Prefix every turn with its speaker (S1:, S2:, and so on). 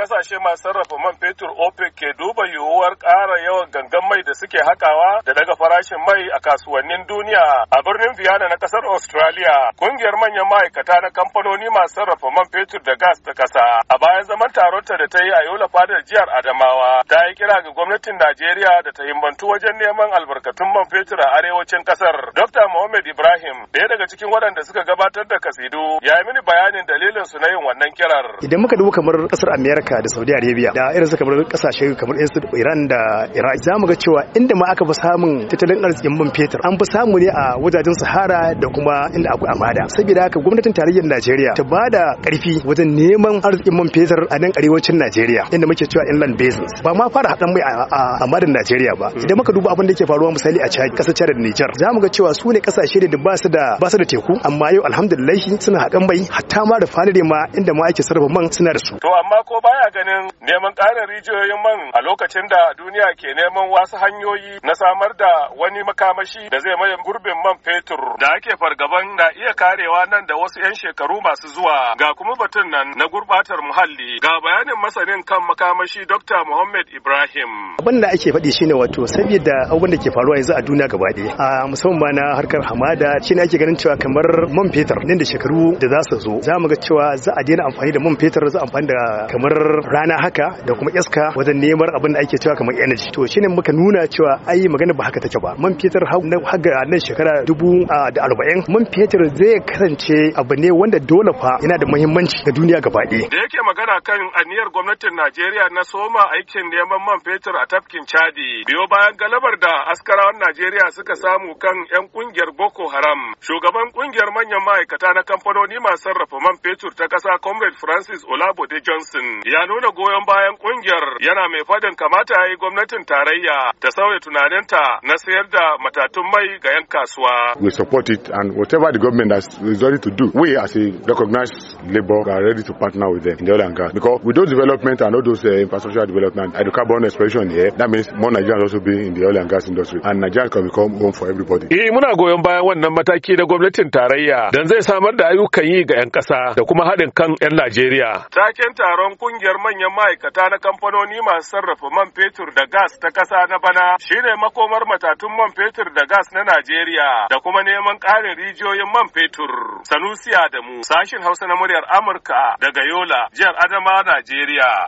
S1: kasashe masu sarrafa man fetur OPEC ke duba yiwuwar ƙara yawan gangan mai da suke hakawa da daga farashin mai a kasuwannin duniya a birnin Vienna na kasar Australia. Kungiyar manyan ma'aikata na kamfanoni masu sarrafa man fetur da gas ta kasa a bayan zaman taronta da ta yi a Yola Fadar jihar Adamawa ta yi kira ga gwamnatin Najeriya da ta himmantu wajen neman albarkatun man fetur a arewacin kasar. Dr. Mohammed Ibrahim,
S2: ɗaya daga cikin waɗanda suka gabatar da kasidu, ya yi mini bayanin dalilin su na yin wannan kirar. Idan muka duba kamar ƙasar America Amurka da Saudi Arabia da irin su kamar kasashe kamar Iran da Iraq za mu ga cewa inda ma aka fi samun tattalin arzikin man fetur an fi samu ne a wajajen Sahara da kuma inda akwai amada saboda haka gwamnatin tarayyar Najeriya ta ba da karfi wajen neman arzikin man fetur a nan arewacin Najeriya inda muke cewa inland basins ba ma fara hadan mai a amadan Najeriya ba idan muka duba abin da yake faruwa misali a Chad kasar Chad da Niger za mu ga cewa su ne kasashe da ba su da ba su da teku amma yau alhamdulillah suna hakan mai hatta ma da fanire ma inda ma ake sarrafa man suna da su
S1: to amma ko baya baya ganin neman ƙarin rijiyoyin man a lokacin da duniya ke neman wasu hanyoyi na samar da wani makamashi da zai maye gurbin man fetur da ake fargaban na iya karewa nan da wasu 'yan shekaru masu zuwa ga kuma batun nan na gurbatar
S2: muhalli ga bayanin masanin kan makamashi Dr. Muhammad Ibrahim. Abin da ake faɗi shine wato saboda abin da ke faruwa yanzu a duniya gaba ɗaya a musamman na harkar hamada shine ake ganin cewa kamar man fetur nan da shekaru da za su zo za mu ga cewa za a daina amfani da man fetur za amfani da kamar rana haka da kuma iska wajen neman abin da ake cewa kamar energy to shine muka nuna cewa ai magana ba haka take ba man fetur haga nan shekara dubu da arba'in man fetur zai kasance abu ne wanda dole fa yana da muhimmanci ga duniya gaba ɗaya. da yake
S1: magana kan aniyar gwamnatin najeriya na soma aikin neman man fetur a tafkin chadi biyo bayan galabar da askarawan najeriya suka samu kan yan kungiyar boko haram shugaban kungiyar manyan ma'aikata na kamfanoni masu sarrafa man fetur ta kasa comrade francis olabode johnson ya ya nuna goyon bayan kungiyar yana mai fadin kamata ya yi gwamnatin
S3: tarayya ta sauya tunaninta na sayar da matatun mai ga 'yan kasuwa. We support it and whatever the government has resorted to do, we as a recognized labor are ready to partner with them in the oil and gas. Because with those development and all those uh, infrastructure development, hydrocarbon expression here, that means more Nigerians also be in the oil and gas industry and Nigeria can become home for everybody.
S1: Eh muna goyon bayan wannan mataki na gwamnatin tarayya don zai samar da ayyukan yi ga 'yan kasa da
S3: kuma haɗin kan
S1: 'yan Najeriya. Taken taron kungiyar ƙungiyar manyan ma'aikata na kamfanoni masu sarrafa man fetur da gas ta ƙasa na bana shine makomar matatun man fetur da gas na Najeriya da kuma neman ƙarin rijiyoyin man fetur. Sanusi Adamu, sashin Hausa na muryar Amurka daga Yola, jihar Adama, Najeriya.